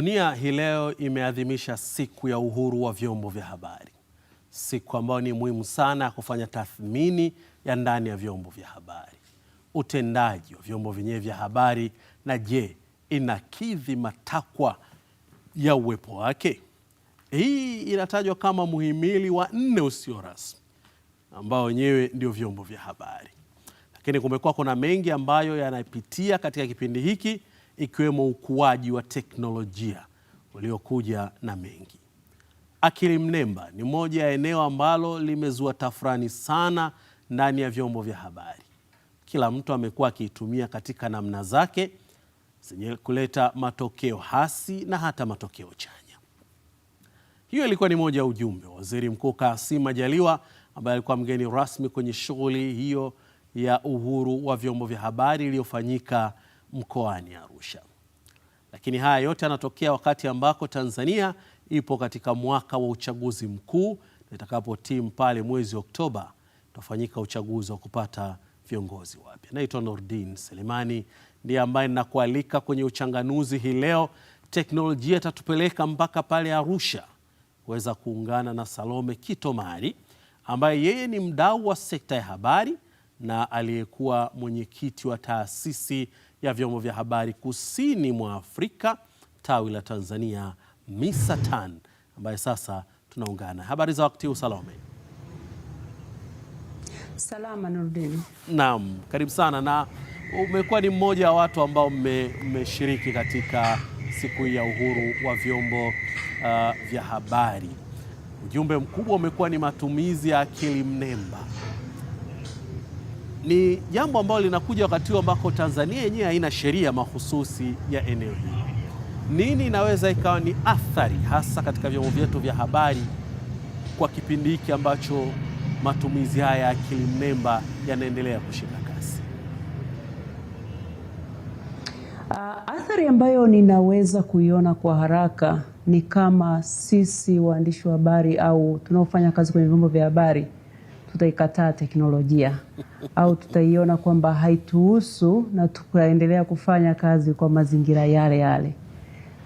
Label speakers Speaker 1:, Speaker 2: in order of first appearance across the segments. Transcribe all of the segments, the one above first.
Speaker 1: Dunia hii leo imeadhimisha siku ya uhuru wa vyombo vya habari, siku ambayo ni muhimu sana ya kufanya tathmini ya ndani ya vyombo vya habari, utendaji wa vyombo vyenyewe vya habari, na je, inakidhi matakwa ya uwepo wake? Hii inatajwa kama muhimili wa nne usio rasmi ambao wenyewe ndio vyombo vya habari, lakini kumekuwa kuna mengi ambayo yanapitia katika kipindi hiki ikiwemo ukuaji wa teknolojia uliokuja na mengi. Akili mnemba ni moja ya eneo ambalo limezua tafrani sana ndani ya vyombo vya habari. Kila mtu amekuwa akiitumia katika namna zake zenye kuleta matokeo hasi na hata matokeo chanya. Hiyo ilikuwa ni moja ya ujumbe wa Waziri Mkuu Kassim Majaliwa ambaye alikuwa mgeni rasmi kwenye shughuli hiyo ya uhuru wa vyombo vya habari iliyofanyika mkoani Arusha. Lakini haya yote yanatokea wakati ambako Tanzania ipo katika mwaka wa uchaguzi mkuu, na itakapotim pale mwezi Oktoba utafanyika uchaguzi wa kupata viongozi wapya. Naitwa Nordin Selemani, ndiye ambaye ninakualika kwenye uchanganuzi hii leo. Teknolojia itatupeleka mpaka pale Arusha kuweza kuungana na Salome Kitomari ambaye yeye ni mdau wa sekta ya habari na aliyekuwa mwenyekiti wa taasisi ya vyombo vya habari kusini mwa Afrika tawi la Tanzania Misatan, ambaye sasa tunaungana. Habari za wakati huu Salome?
Speaker 2: Salama Nurdin.
Speaker 1: Naam, karibu sana na umekuwa ni mmoja wa watu ambao mmeshiriki katika siku hii ya uhuru wa vyombo uh, vya habari. Ujumbe mkubwa umekuwa ni matumizi ya akili mnemba ni jambo ambalo linakuja wakati huu ambako Tanzania yenyewe haina sheria mahususi ya eneo hili. Nini inaweza ikawa ni athari hasa katika vyombo vyetu vya habari kwa kipindi hiki ambacho matumizi haya ya akili mnemba yanaendelea kushika kasi?
Speaker 2: Uh, athari ambayo ninaweza kuiona kwa haraka ni kama sisi waandishi wa habari au tunaofanya kazi kwenye vyombo vya habari tutaikataa teknolojia au tutaiona kwamba haituhusu na tukaendelea kufanya kazi kwa mazingira yale yale,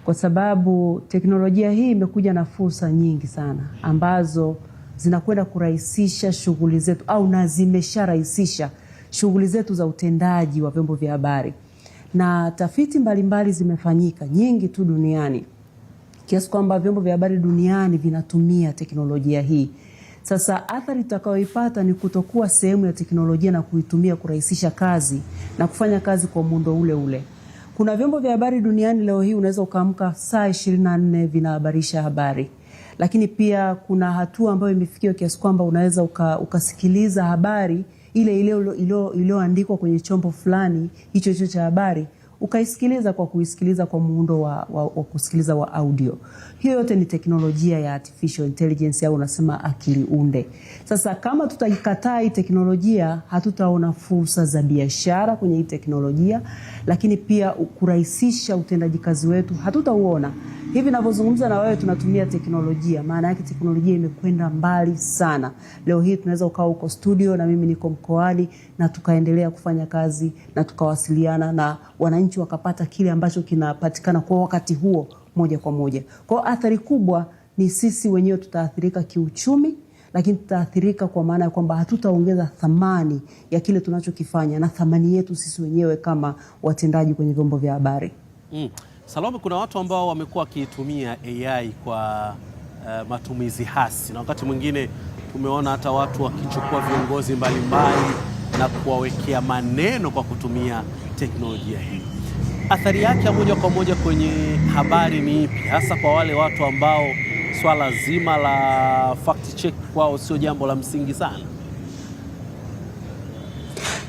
Speaker 2: kwa sababu teknolojia hii imekuja na fursa nyingi sana ambazo zinakwenda kurahisisha shughuli zetu au na zimesharahisisha shughuli zetu za utendaji wa vyombo vya habari, na tafiti mbalimbali mbali zimefanyika nyingi tu duniani kiasi kwamba vyombo vya habari duniani vinatumia teknolojia hii. Sasa athari tutakayoipata ni kutokuwa sehemu ya teknolojia na kuitumia kurahisisha kazi na kufanya kazi kwa muundo ule ule. Kuna vyombo vya habari duniani leo hii unaweza ukaamka saa na nne vinahabarisha habari, lakini pia kuna hatua ambayo imefikiwa kiasi kwamba unaweza uka, ukasikiliza habari ile iliyoandikwa kwenye chombo fulani hicho hicho cha habari ukaisikiliza kwa kuisikiliza kwa muundo wa, wa, wa kusikiliza wa audio. Hiyo yote ni teknolojia ya artificial intelligence au unasema akili unde. Sasa kama tutaikataa hii teknolojia, hatutaona fursa za biashara kwenye hii teknolojia, lakini pia kurahisisha utendaji kazi wetu hatutauona. Hivi navyozungumza na wewe tunatumia teknolojia, maana yake teknolojia imekwenda mbali sana. Leo hii tunaweza ukawa uko studio na mimi niko mkoani na tukaendelea kufanya kazi na tukawasiliana na wananchi wakapata kile ambacho kinapatikana kwa wakati huo moja kwa moja. Kwa athari kubwa ni sisi wenyewe tutaathirika kiuchumi lakini tutaathirika kwa maana ya kwamba hatutaongeza thamani ya kile tunachokifanya na thamani yetu sisi wenyewe kama watendaji kwenye vyombo vya habari
Speaker 1: mm. Salome, kuna watu ambao wamekuwa wakiitumia AI kwa uh, matumizi hasi, na wakati mwingine tumeona hata watu wakichukua viongozi mbalimbali na kuwawekea maneno kwa kutumia teknolojia hii. Athari yake ya moja kwa moja kwenye habari ni ipi, hasa kwa wale watu ambao swala zima la fact check kwao sio jambo la msingi sana?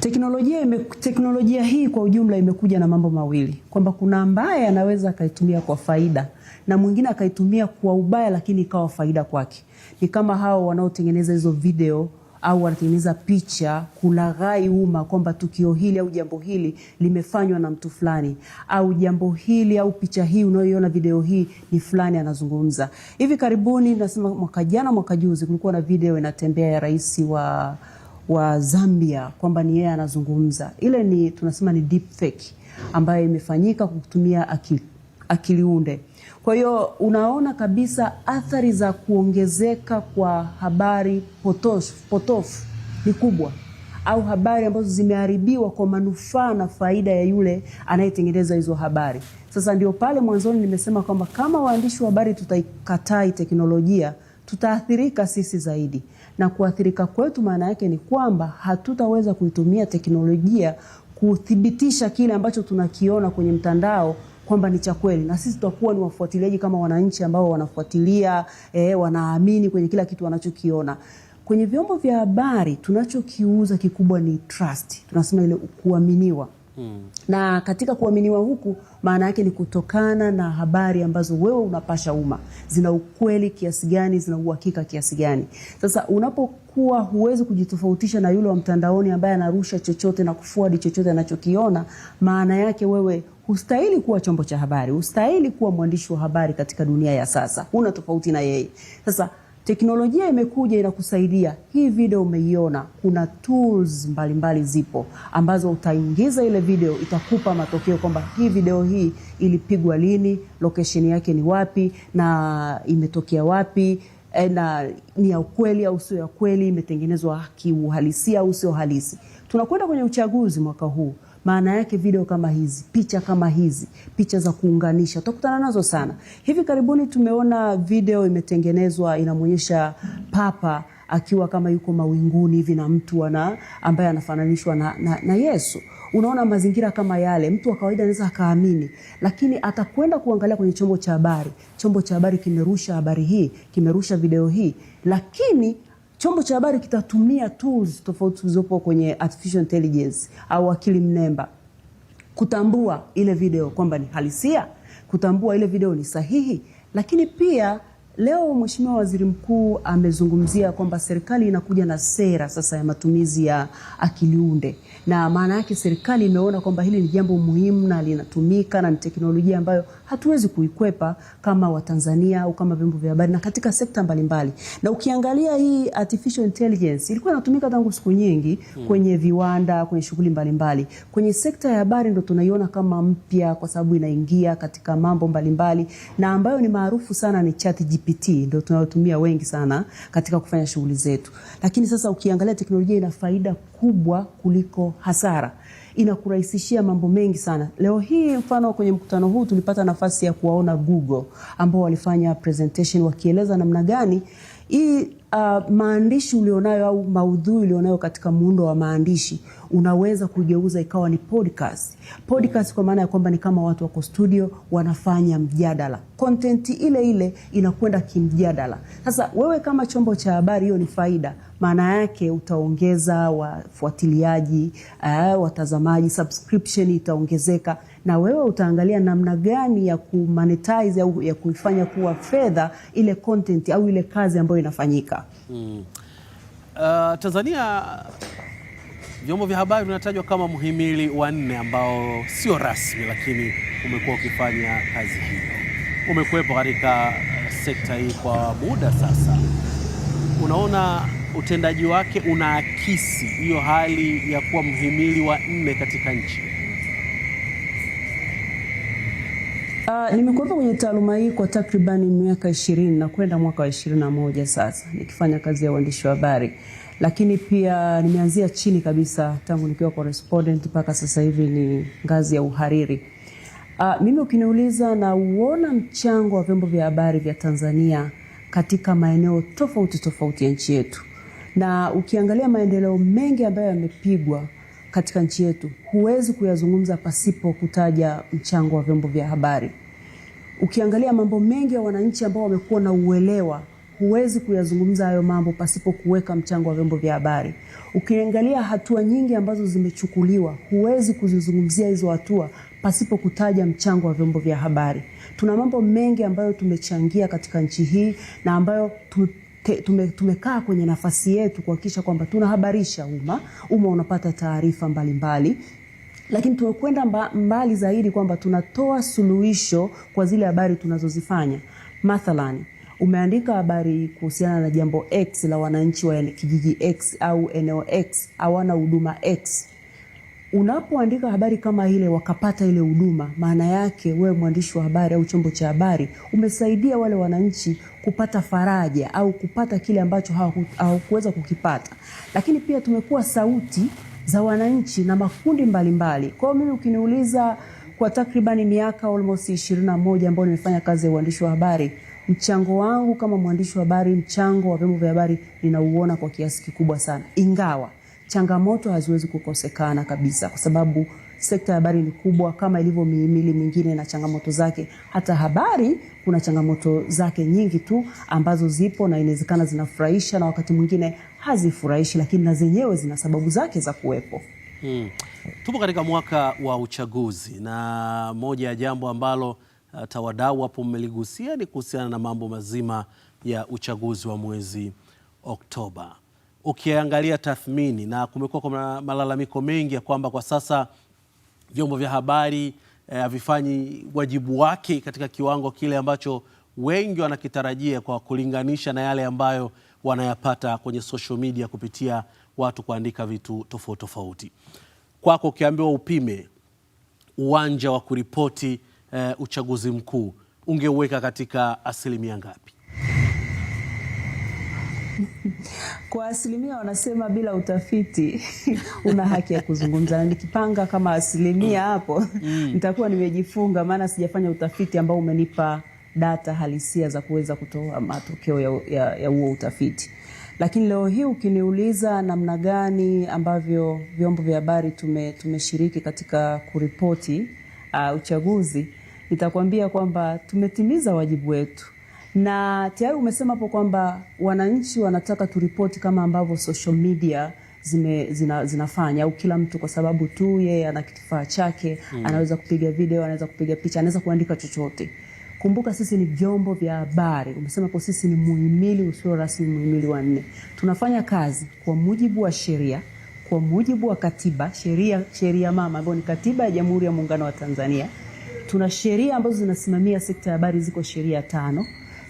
Speaker 2: Teknolojia, ime, teknolojia hii kwa ujumla imekuja na mambo mawili kwamba kuna ambaye anaweza akaitumia kwa faida na mwingine akaitumia kwa ubaya, lakini ikawa faida kwake. Ni kama hao wanaotengeneza hizo video au wanatengeneza picha kulaghai umma kwamba tukio hili au jambo hili limefanywa na mtu fulani, au jambo hili au picha hii unayoiona video hii ni fulani anazungumza. Hivi karibuni, nasema mwaka jana, mwaka juzi, kulikuwa na video inatembea ya rais wa wa Zambia kwamba ni yeye anazungumza. Ile ni tunasema ni deep fake ambayo imefanyika kwa kutumia akili, akiliunde. Kwa hiyo unaona kabisa athari za kuongezeka kwa habari potofu, potofu ni kubwa au habari ambazo zimeharibiwa kwa manufaa na faida ya yule anayetengeneza hizo habari. Sasa ndio pale mwanzoni nimesema kwamba kama waandishi wa habari tutaikatai teknolojia tutaathirika sisi zaidi na kuathirika kwetu maana yake ni kwamba hatutaweza kuitumia teknolojia kuthibitisha kile ambacho tunakiona kwenye mtandao kwamba ni cha kweli, na sisi tutakuwa ni wafuatiliaji kama wananchi ambao wanafuatilia e, wanaamini kwenye kila kitu wanachokiona kwenye vyombo vya habari. Tunachokiuza kikubwa ni trust, tunasema ile kuaminiwa. Hmm. Na katika kuaminiwa huku maana yake ni kutokana na habari ambazo wewe unapasha umma, zina ukweli kiasi gani, zina uhakika kiasi gani. Sasa unapokuwa huwezi kujitofautisha na yule wa mtandaoni ambaye anarusha chochote na kufuadi chochote anachokiona, maana yake wewe hustahili kuwa chombo cha habari, hustahili kuwa mwandishi wa habari katika dunia ya sasa. Huna tofauti na yeye sasa Teknolojia imekuja inakusaidia. Hii video umeiona, kuna tools mbalimbali mbali zipo ambazo utaingiza ile video, itakupa matokeo kwamba hii video hii ilipigwa lini, location yake ni wapi na imetokea wapi eh, na ni ya ukweli au sio ya kweli, imetengenezwa kiuhalisia au sio halisi. Tunakwenda kwenye uchaguzi mwaka huu. Maana yake video kama hizi, picha kama hizi, picha za kuunganisha utakutana nazo sana. Hivi karibuni tumeona video imetengenezwa inamwonyesha papa akiwa kama yuko mawinguni hivi na mtu ana ambaye anafananishwa na, na, na Yesu. Unaona, mazingira kama yale mtu wa kawaida anaweza akaamini, lakini atakwenda kuangalia kwenye chombo cha habari. Chombo cha habari kimerusha habari hii, kimerusha video hii, lakini chombo cha habari kitatumia tools tofauti zilizopo kwenye artificial intelligence au akili mnemba kutambua ile video kwamba ni halisia, kutambua ile video ni sahihi. Lakini pia leo Mheshimiwa Waziri Mkuu amezungumzia kwamba serikali inakuja na sera sasa ya matumizi ya akiliunde na maana yake serikali imeona kwamba hili ni jambo muhimu na linatumika na ni teknolojia ambayo hatuwezi kuikwepa kama Watanzania au kama vyombo vya habari na katika sekta mbalimbali mbali. Na ukiangalia hii artificial intelligence ilikuwa inatumika tangu siku nyingi hmm, kwenye viwanda, kwenye shughuli mbalimbali. Kwenye sekta ya habari ndo tunaiona kama mpya kwa sababu inaingia katika mambo mbalimbali mbali, na ambayo ni maarufu sana ni ChatGPT ndo tunayotumia wengi sana katika kufanya shughuli zetu. Lakini sasa ukiangalia teknolojia ina faida kubwa kuliko hasara inakurahisishia mambo mengi sana. Leo hii mfano kwenye mkutano huu tulipata nafasi ya kuwaona Google ambao walifanya presentation wakieleza namna gani hii uh, maandishi ulionayo au maudhui ulionayo katika muundo wa maandishi unaweza kugeuza ikawa ni podcast. Podcast kwa maana ya kwamba ni kama watu wako studio wanafanya mjadala, kontenti ile ile inakwenda kimjadala. Sasa wewe kama chombo cha habari, hiyo ni faida maana yake utaongeza wafuatiliaji uh, watazamaji, subscription itaongezeka, na wewe utaangalia namna gani ya kumonetize au ya kuifanya kuwa fedha ile content au ile kazi ambayo inafanyika hmm.
Speaker 1: Uh, Tanzania vyombo vya habari vinatajwa kama mhimili wa nne ambao sio rasmi, lakini umekuwa ukifanya kazi hiyo, umekuwepo katika sekta hii kwa muda sasa unaona utendaji wake unaakisi hiyo hali ya kuwa mhimili wa nne katika nchi.
Speaker 2: Uh, nimekuwepo kwenye taaluma hii kwa takribani miaka ishirini na kwenda mwaka wa ishirini na moja sasa nikifanya kazi ya uandishi wa habari, lakini pia nimeanzia chini kabisa tangu nikiwa correspondent mpaka sasa hivi ni ngazi ya uhariri. Uh, mimi ukiniuliza na uona mchango wa vyombo vya habari vya Tanzania katika maeneo tofauti tofauti ya nchi yetu, na ukiangalia maendeleo mengi ambayo yamepigwa katika nchi yetu huwezi kuyazungumza pasipo kutaja mchango wa vyombo vya habari. Ukiangalia mambo mengi ya wananchi ambao wamekuwa na uelewa, huwezi kuyazungumza hayo mambo pasipo kuweka mchango wa vyombo vya habari. Ukiangalia hatua nyingi ambazo zimechukuliwa, huwezi kuzizungumzia hizo hatua pasipo kutaja mchango wa vyombo vya habari. Tuna mambo mengi ambayo tumechangia katika nchi hii na ambayo tu tume, tumekaa kwenye nafasi yetu kuhakikisha kwamba tunahabarisha umma, umma unapata taarifa mbalimbali lakini tumekwenda mba, mbali zaidi kwamba tunatoa suluhisho kwa zile habari tunazozifanya. Mathalani, umeandika habari kuhusiana na jambo X la wananchi wa kijiji X au eneo X hawana huduma X Unapoandika habari kama ile wakapata ile huduma, maana yake wewe mwandishi wa habari au chombo cha habari umesaidia wale wananchi kupata faraja au kupata kile ambacho hawakuweza kukipata. Lakini pia tumekuwa sauti za wananchi na makundi mbalimbali. Kwa hiyo mimi ukiniuliza, kwa takribani miaka almost ishirini na moja ambayo nimefanya kazi ya uandishi wa habari, mchango wangu kama mwandishi wa habari, mchango wa vyombo vya habari ninauona kwa kiasi kikubwa sana, ingawa changamoto haziwezi kukosekana kabisa, kwa sababu sekta ya habari ni kubwa kama ilivyo mihimili mingine na changamoto zake. Hata habari kuna changamoto zake nyingi tu ambazo zipo na inawezekana zinafurahisha na wakati mwingine hazifurahishi, lakini na zenyewe zina sababu zake za kuwepo. Hmm.
Speaker 1: Tupo katika mwaka wa uchaguzi na moja ya jambo ambalo hata wadau hapo mmeligusia ni kuhusiana na mambo mazima ya uchaguzi wa mwezi Oktoba ukiangalia tathmini, na kumekuwa kuna malalamiko mengi ya kwamba kwa sasa vyombo vya habari eh, havifanyi eh, wajibu wake katika kiwango kile ambacho wengi wanakitarajia kwa kulinganisha na yale ambayo wanayapata kwenye social media kupitia watu kuandika vitu tofauti tofauti. Kwako ukiambiwa upime uwanja wa kuripoti eh, uchaguzi mkuu ungeuweka katika asilimia ngapi?
Speaker 2: Kwa asilimia wanasema bila utafiti una haki ya kuzungumza, na nikipanga kama asilimia mm. hapo mm. nitakuwa nimejifunga, maana sijafanya utafiti ambao umenipa data halisia za kuweza kutoa matokeo ya, ya, ya huo utafiti. Lakini leo hii ukiniuliza namna gani ambavyo vyombo vya habari tume, tumeshiriki katika kuripoti uh, uchaguzi nitakwambia kwamba tumetimiza wajibu wetu na tayari umesema hapo kwamba wananchi wanataka turipoti kama ambavyo social media zime, zina, zinafanya au kila mtu kwa sababu tu yeye ana kifaa chake mm. anaweza kupiga video, anaweza kupiga picha, anaweza kuandika chochote. Kumbuka sisi ni vyombo vya habari. Umesema hapo sisi ni muhimili usio rasmi, muhimili wa nne. Tunafanya kazi kwa mujibu wa sheria, kwa mujibu wa katiba, sheria sheria mama ambayo ni katiba ya Jamhuri ya Muungano wa Tanzania. Tuna sheria ambazo zinasimamia sekta ya habari, ziko sheria tano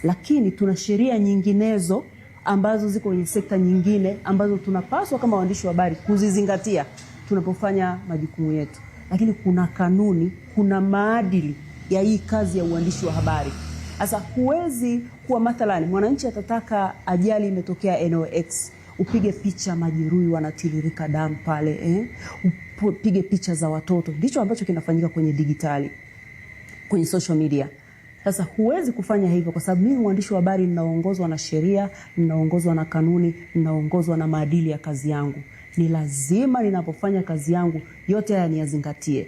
Speaker 2: lakini tuna sheria nyinginezo ambazo ziko kwenye sekta nyingine ambazo tunapaswa kama waandishi wa habari kuzizingatia tunapofanya majukumu yetu, lakini kuna kanuni, kuna maadili ya hii kazi ya uandishi wa habari. Sasa huwezi kuwa mathalani, mwananchi atataka ajali imetokea eneo X, upige picha majeruhi wanatiririka damu pale eh? upige picha za watoto. Ndicho ambacho kinafanyika kwenye digitali, kwenye social media. Sasa huwezi kufanya hivyo, kwa sababu mimi mwandishi wa habari ninaongozwa na sheria, ninaongozwa na kanuni, ninaongozwa na maadili ya kazi yangu. Ni lazima ninapofanya kazi yangu yote haya niyazingatie,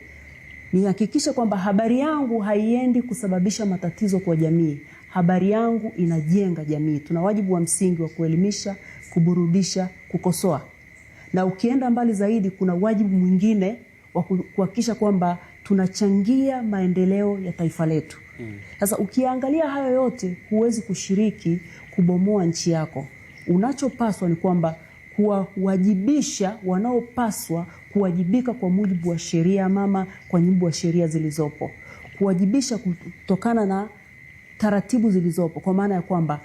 Speaker 2: nihakikishe kwamba habari yangu haiendi kusababisha matatizo kwa jamii. Habari yangu inajenga jamii. Tuna wajibu wa msingi wa kuelimisha, kuburudisha, kukosoa, na ukienda mbali zaidi, kuna wajibu mwingine wa kuhakikisha kwamba tunachangia maendeleo ya taifa letu. Sasa mm. ukiangalia hayo yote, huwezi kushiriki kubomoa nchi yako. Unachopaswa ni kwamba kuwawajibisha wanaopaswa kuwajibika kwa mujibu wa sheria mama, kwa mujibu wa sheria zilizopo, kuwajibisha kutokana na taratibu zilizopo, kwa maana ya kwamba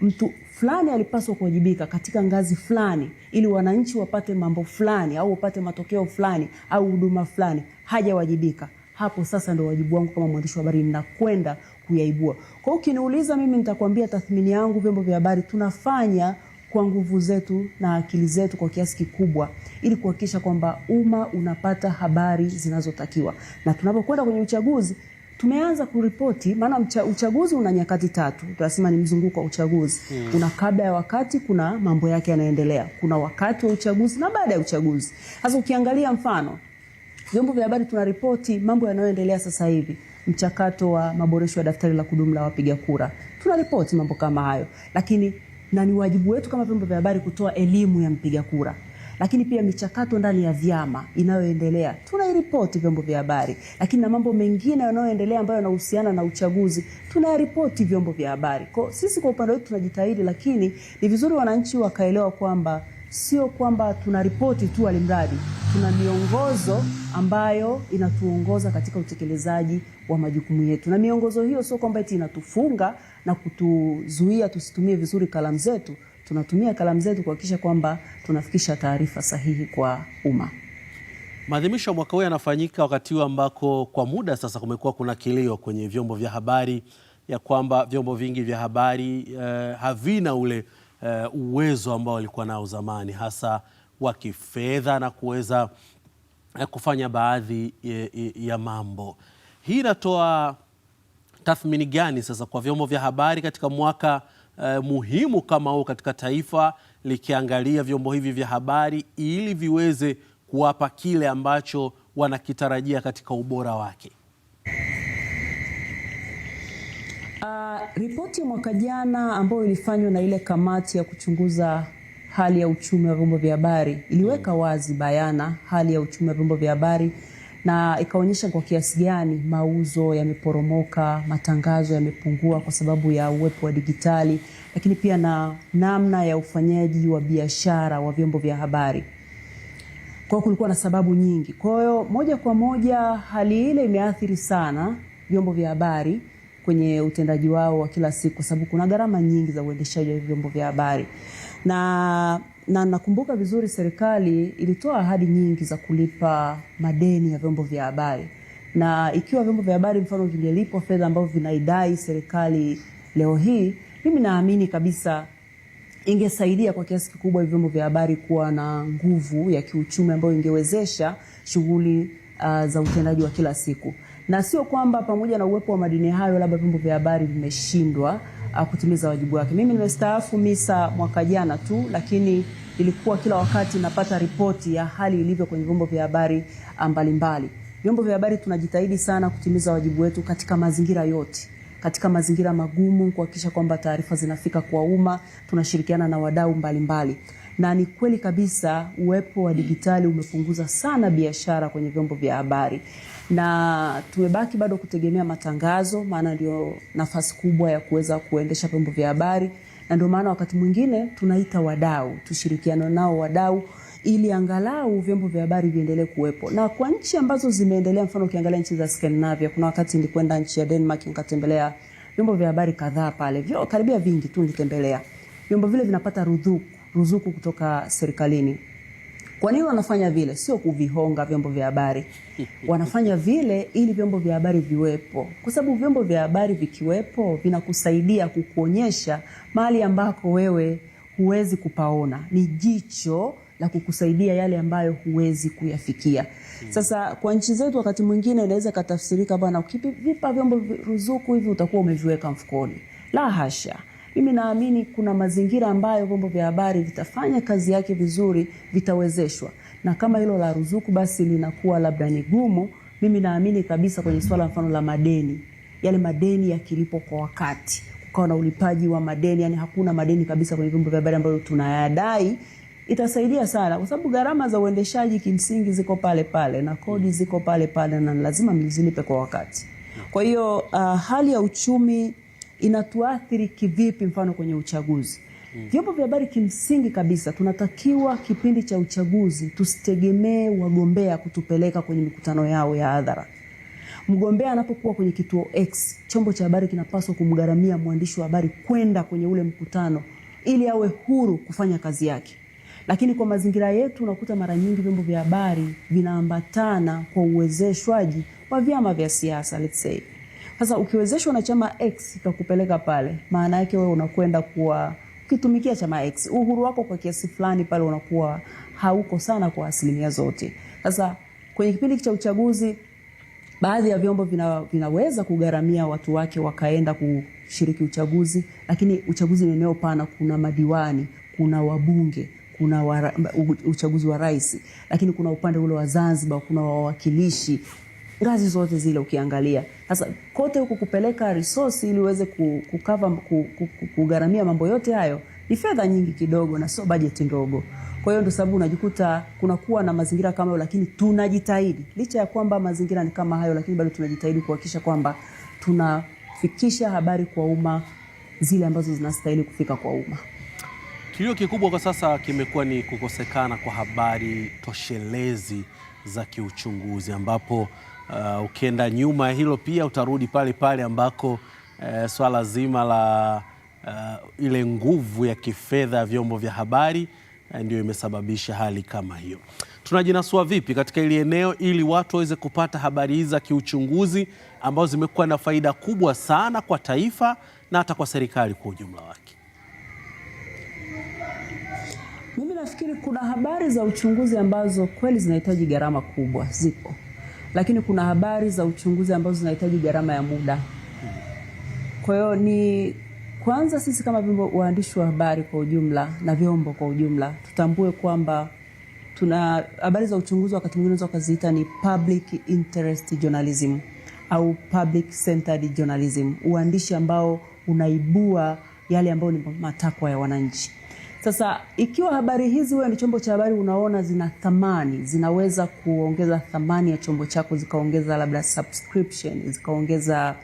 Speaker 2: mtu fulani alipaswa kuwajibika katika ngazi fulani ili wananchi wapate mambo fulani au wapate matokeo fulani au huduma fulani, hajawajibika hapo sasa ndo wajibu wangu kama mwandishi wa habari, ninakwenda kuyaibua. Kwa hiyo ukiniuliza mimi, nitakwambia tathmini yangu, vyombo vya habari tunafanya kwa nguvu zetu na akili zetu kwa kiasi kikubwa, ili kuhakikisha kwamba umma unapata habari zinazotakiwa. Na tunapokwenda kwenye uchaguzi, tumeanza kuripoti, maana uchaguzi una nyakati tatu, tunasema ni mzunguko wa uchaguzi hmm. Una kabla ya wakati, kuna mambo yake yanaendelea, kuna wakati wa uchaguzi na baada ya uchaguzi. Sasa ukiangalia mfano vyombo vya habari tunaripoti mambo yanayoendelea sasa hivi, mchakato wa maboresho ya daftari la kudumu la wapiga kura, tunaripoti mambo kama hayo, lakini na ni wajibu wetu kama vyombo vya habari kutoa elimu ya mpiga kura lakini pia michakato ndani ya vyama inayoendelea tunairipoti vyombo vya habari, lakini na mambo mengine yanayoendelea ambayo yanahusiana na uchaguzi tunayaripoti vyombo vya habari. Kwa sisi kwa upande wetu tunajitahidi, lakini ni vizuri wananchi wakaelewa kwamba sio kwamba tuna ripoti tu alimradi, tuna miongozo ambayo inatuongoza katika utekelezaji wa majukumu yetu, na miongozo hiyo sio kwamba eti inatufunga na kutuzuia tusitumie vizuri kalamu zetu. Tunatumia kalamu zetu kuhakikisha kwamba tunafikisha taarifa sahihi kwa umma.
Speaker 1: Maadhimisho ya mwaka huu yanafanyika wakati huu ambako kwa muda sasa kumekuwa kuna kilio kwenye vyombo vya habari ya kwamba vyombo vingi vya habari eh, havina ule uh, uwezo ambao walikuwa nao zamani hasa wa kifedha na kuweza uh, kufanya baadhi ya, ya mambo. Hii inatoa tathmini gani sasa kwa vyombo vya habari katika mwaka uh, muhimu kama huu katika taifa likiangalia vyombo hivi vya habari ili viweze kuwapa kile ambacho wanakitarajia katika ubora wake?
Speaker 2: ripoti ya mwaka jana ambayo ilifanywa na ile kamati ya kuchunguza hali ya uchumi wa vyombo vya habari iliweka hmm. wazi bayana hali ya uchumi wa vyombo vya habari na ikaonyesha kwa kiasi gani mauzo yameporomoka, matangazo yamepungua kwa sababu ya uwepo wa dijitali, lakini pia na namna ya ufanyaji wa biashara wa vyombo vya habari. Kwa hiyo kulikuwa na sababu nyingi. Kwa hiyo moja kwa moja hali ile imeathiri sana vyombo vya habari kwenye utendaji wao wa kila siku, kwa sababu kuna gharama nyingi za uendeshaji wa vyombo vya habari na na nakumbuka vizuri serikali ilitoa ahadi nyingi za kulipa madeni ya vyombo vya habari, na ikiwa vyombo vya habari mfano vingelipwa fedha ambavyo vinaidai serikali leo hii, mimi naamini kabisa ingesaidia kwa kiasi kikubwa vyombo vya habari kuwa na nguvu ya kiuchumi ambayo ingewezesha shughuli uh, za utendaji wa kila siku na sio kwamba pamoja na uwepo wa madini hayo labda vyombo vya habari vimeshindwa uh, kutimiza wajibu wake. Mimi nimestaafu MISA mwaka jana tu, lakini ilikuwa kila wakati napata ripoti ya hali ilivyo kwenye vyombo vya habari uh, mbalimbali. Vyombo vya habari tunajitahidi sana kutimiza wajibu wetu katika mazingira yote, katika mazingira magumu, kuhakikisha kwamba taarifa zinafika kwa umma. Tunashirikiana na wadau mbalimbali, na ni kweli kabisa uwepo wa dijitali umepunguza sana biashara kwenye vyombo vya habari na tumebaki bado kutegemea matangazo, maana ndio nafasi kubwa ya kuweza kuendesha vyombo vya habari, na ndio maana wakati mwingine tunaita wadau, tushirikiana nao wadau ili angalau vyombo vya habari viendelee kuwepo. Na kwa nchi ambazo zimeendelea, mfano ukiangalia nchi za Skandinavia, kuna wakati nilikwenda nchi ya Denmark nikatembelea vyombo vya habari kadhaa pale, vyo karibia vingi tu nilitembelea. Vyombo vile vinapata ruzuku, ruzuku kutoka serikalini kwa nini wanafanya vile? Sio kuvihonga vyombo vya habari, wanafanya vile ili vyombo vya habari viwepo, kwa sababu vyombo vya habari vikiwepo vinakusaidia kukuonyesha mahali ambako wewe huwezi kupaona, ni jicho la kukusaidia yale ambayo huwezi kuyafikia. Sasa kwa nchi zetu wakati mwingine inaweza ikatafsirika bwana, ukivipa vyombo ruzuku hivi utakuwa umeviweka mfukoni. La hasha mimi naamini kuna mazingira ambayo vyombo vya habari vitafanya kazi yake vizuri, vitawezeshwa, na kama hilo la ruzuku basi linakuwa labda ni gumu. Mimi naamini kabisa kwenye swala mfano la madeni, yale madeni yakilipo kwa wakati, kukawa na ulipaji wa madeni, yani hakuna madeni kabisa kwenye vyombo vya habari ambayo tunayadai itasaidia sana kwa sababu gharama za uendeshaji kimsingi ziko pale pale na kodi ziko pale pale na lazima mlizilipe kwa wakati. Kwa hiyo uh, hali ya uchumi inatuathiri kivipi, mfano kwenye uchaguzi. Mm. Vyombo vya habari kimsingi kabisa tunatakiwa kipindi cha uchaguzi tusitegemee wagombea kutupeleka kwenye mikutano yao ya hadhara. Mgombea anapokuwa kwenye kituo X, chombo cha habari kinapaswa kumgharamia mwandishi wa habari kwenda kwenye ule mkutano ili awe huru kufanya kazi yake. Lakini kwa mazingira yetu unakuta mara nyingi vyombo vya habari vinaambatana kwa uwezeshwaji wa vyama vya siasa let's say. Sasa ukiwezeshwa na chama X kakupeleka pale, maana yake wewe unakwenda kuwa ukitumikia chama X, uhuru wako kwa kiasi fulani pale unakuwa hauko sana kwa asilimia zote. Sasa kwenye kipindi cha uchaguzi, baadhi ya vyombo vina, vinaweza kugharamia watu wake wakaenda kushiriki uchaguzi, lakini uchaguzi ni eneo pana. Kuna madiwani, kuna wabunge kuna wa, uchaguzi wa rais, lakini kuna upande ule wa Zanzibar, kuna wawakilishi, ngazi zote zile ukiangalia sasa kote huku kupeleka resource ili uweze kukava kugharamia mambo yote hayo ni fedha nyingi kidogo, na sio bajeti ndogo. Kwa hiyo ndio sababu unajikuta kunakuwa na mazingira kama hayo, lakini tunajitahidi licha ya kwamba mazingira ni kama hayo, lakini bado tunajitahidi kuhakikisha kwamba tunafikisha habari kwa umma zile ambazo zinastahili kufika kwa umma.
Speaker 1: Kilio kikubwa kwa sasa kimekuwa ni kukosekana kwa habari toshelezi za kiuchunguzi ambapo Uh, ukienda nyuma ya hilo pia utarudi pale pale ambako uh, swala zima la uh, ile nguvu ya kifedha ya vyombo vya habari uh, ndio imesababisha hali kama hiyo. Tunajinasua vipi katika ili eneo ili watu waweze kupata habari hizi za kiuchunguzi ambazo zimekuwa na faida kubwa sana kwa taifa na hata kwa serikali kwa ujumla wake?
Speaker 2: Mimi nafikiri kuna habari za uchunguzi ambazo kweli zinahitaji gharama kubwa, zipo lakini kuna habari za uchunguzi ambazo zinahitaji gharama ya muda. Kwa hiyo ni kwanza sisi kama vyombo waandishi wa habari kwa ujumla na vyombo kwa ujumla tutambue kwamba tuna habari za uchunguzi, wakati mwingine unaweza ukaziita ni public interest journalism au public centered journalism, uandishi ambao unaibua yale ambayo ni matakwa ya wananchi. Sasa ikiwa habari hizi wewe ni chombo cha habari unaona zina thamani, zinaweza kuongeza thamani ya chombo chako, zikaongeza labda subscription, zikaongeza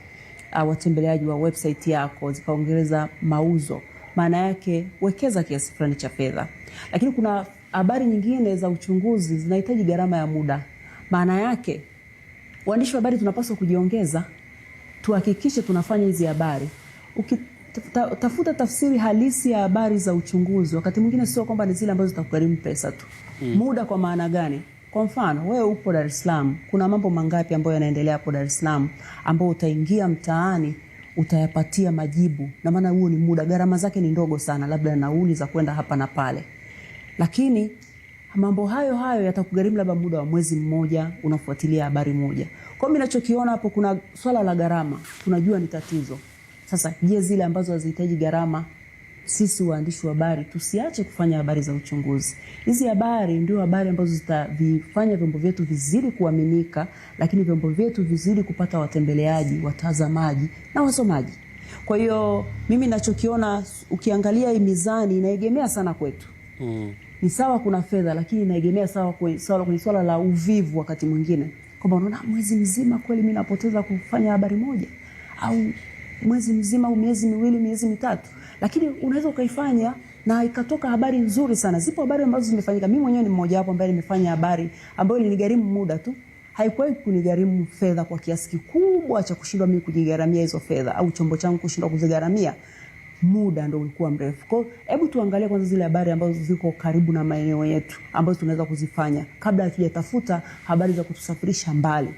Speaker 2: uh, watembeleaji wa website yako, zikaongeza mauzo, maana yake wekeza kiasi fulani cha fedha. Lakini kuna habari nyingine za uchunguzi zinahitaji gharama ya muda, maana yake waandishi wa habari tunapaswa kujiongeza, tuhakikishe tunafanya hizi habari ukit ta, tafuta tafsiri halisi ya habari za uchunguzi. Wakati mwingine sio kwamba ni zile ambazo zitakugharimu pesa tu mm. Muda kwa maana gani? Kwa mfano wewe upo Dar es Salaam, kuna mambo mangapi ambayo yanaendelea hapo Dar es Salaam ambayo utaingia mtaani utayapatia majibu, na maana huo ni muda, gharama zake ni ndogo sana, labda nauli za kwenda hapa na pale, lakini mambo hayo hayo yatakugharimu labda muda wa mwezi mmoja unafuatilia habari moja. Kwa hiyo mimi ninachokiona hapo, kuna swala la gharama, tunajua ni tatizo. Sasa je, zile ambazo hazihitaji gharama, sisi waandishi wa habari tusiache kufanya habari za uchunguzi. Hizi habari ndio habari ambazo zitavifanya vyombo vyetu vizidi kuaminika, lakini vyombo vyetu vizidi kupata watembeleaji, watazamaji na wasomaji. Kwa hiyo mimi nachokiona, ukiangalia hii mizani inaegemea sana kwetu mm. Ni sawa, kuna fedha lakini inaegemea sawa kwenye swala la uvivu, wakati mwingine kwamba unaona mwezi mzima kweli mi napoteza kufanya habari moja au mwezi mzima au miezi miwili, miezi mitatu, lakini unaweza ukaifanya na ikatoka habari nzuri sana. Zipo habari ambazo zimefanyika, mimi mwenyewe ni mmoja wapo ambaye nimefanya habari ambayo ilinigharimu muda tu, haikuwahi kunigharimu fedha kwa kiasi kikubwa cha kushindwa mimi kujigharamia hizo fedha au chombo changu kushindwa kuzigharamia muda ndo ulikuwa mrefu. Kwa hebu tuangalie kwanza zile habari ambazo ziko karibu na maeneo yetu ambazo tunaweza kuzifanya kabla hatujatafuta habari za kutusafirisha mbali.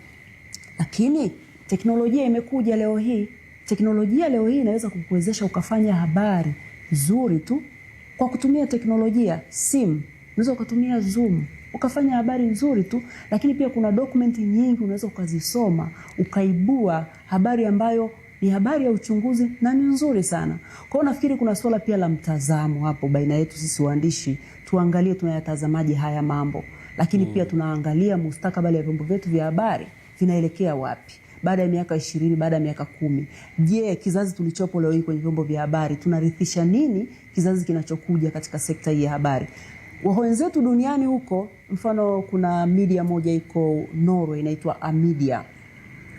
Speaker 2: Lakini teknolojia imekuja leo hii, Teknolojia leo hii inaweza kukuwezesha ukafanya habari nzuri tu kwa kutumia teknolojia. Simu unaweza ukatumia Zoom ukafanya habari nzuri tu, lakini pia kuna dokumenti nyingi unaweza ukazisoma ukaibua habari ambayo ni habari ya uchunguzi na ni nzuri sana. Kwa hiyo nafikiri kuna swala pia la mtazamo hapo baina yetu sisi waandishi, tuangalie tunayatazamaje haya mambo, lakini mm. pia tunaangalia mustakabali ya vyombo vyetu vya habari vinaelekea wapi baada ya miaka ishirini, baada ya miaka kumi. Je, kizazi tulichopo leo hii kwenye vyombo vya habari tunarithisha nini kizazi kinachokuja katika sekta hii ya habari? Wenzetu duniani huko, mfano kuna media moja iko Norway inaitwa Amedia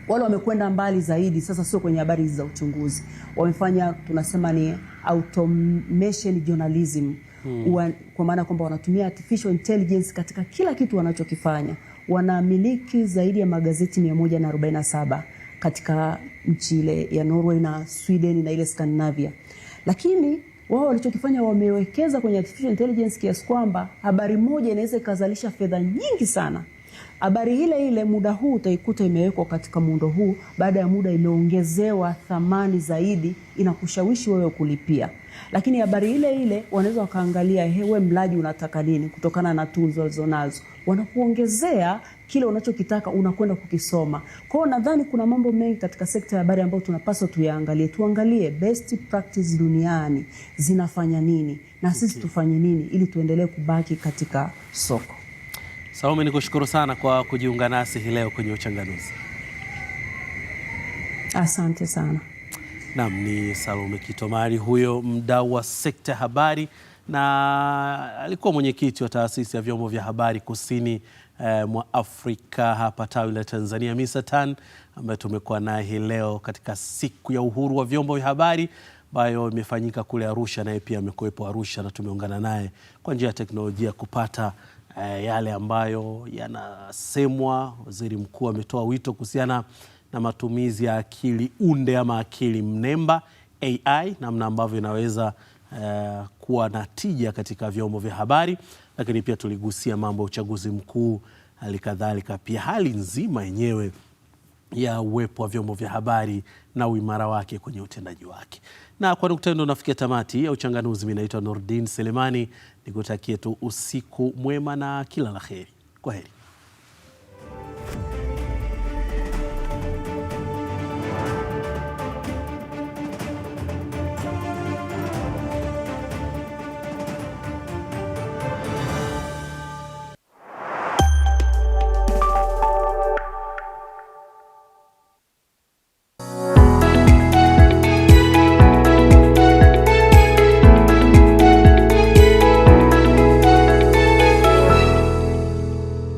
Speaker 2: wale wamekwenda mbali zaidi. Sasa sio kwenye habari hizi za uchunguzi, wamefanya tunasema ni automation journalism hmm. Kwa maana kwamba wanatumia artificial intelligence katika kila kitu wanachokifanya wanamiliki zaidi ya magazeti 147 katika nchi ile ya Norway na Sweden na ile Scandinavia, lakini wao walichokifanya wamewekeza kwenye artificial intelligence kiasi kwamba habari moja inaweza ikazalisha fedha nyingi sana. Habari ile ile muda huu utaikuta imewekwa katika muundo huu, baada ya muda imeongezewa thamani zaidi, inakushawishi wewe kulipia. Lakini habari ile ile wanaweza wakaangalia, hewe mlaji unataka nini kutokana na tools walizonazo wanakuongezea kile unachokitaka unakwenda kukisoma. Kwa hiyo nadhani kuna mambo mengi katika sekta ya habari ambayo tunapaswa tuyaangalie, tuangalie best practice duniani zinafanya nini na sisi okay, tufanye nini ili tuendelee kubaki katika soko.
Speaker 1: Saume, ni kushukuru sana kwa kujiunga nasi hii leo kwenye Uchanganuzi.
Speaker 2: Asante sana.
Speaker 1: Naam, ni Salome Kitomari huyo mdau wa sekta ya habari na alikuwa mwenyekiti wa taasisi ya vyombo vya habari kusini eh, mwa Afrika hapa tawi la Tanzania Misatan, ambaye tumekuwa naye hii leo katika siku ya uhuru wa vyombo vya habari ambayo imefanyika kule Arusha, naye pia amekuwepo Arusha na tumeungana naye kwa njia ya teknolojia kupata eh, yale ambayo yanasemwa. Waziri mkuu ametoa wito kuhusiana na matumizi ya akili unde ama akili mnemba AI, namna ambavyo inaweza Eh, kuwa na tija katika vyombo vya habari, lakini pia tuligusia mambo ya uchaguzi mkuu, hali kadhalika pia hali nzima yenyewe ya uwepo wa vyombo vya habari na uimara wake kwenye utendaji wake. Na kwa nukta ndo nafikia tamati ya uchanganuzi. Mi naitwa Nurdin Selemani, nikutakie tu usiku mwema na kila la heri. Kwa heri.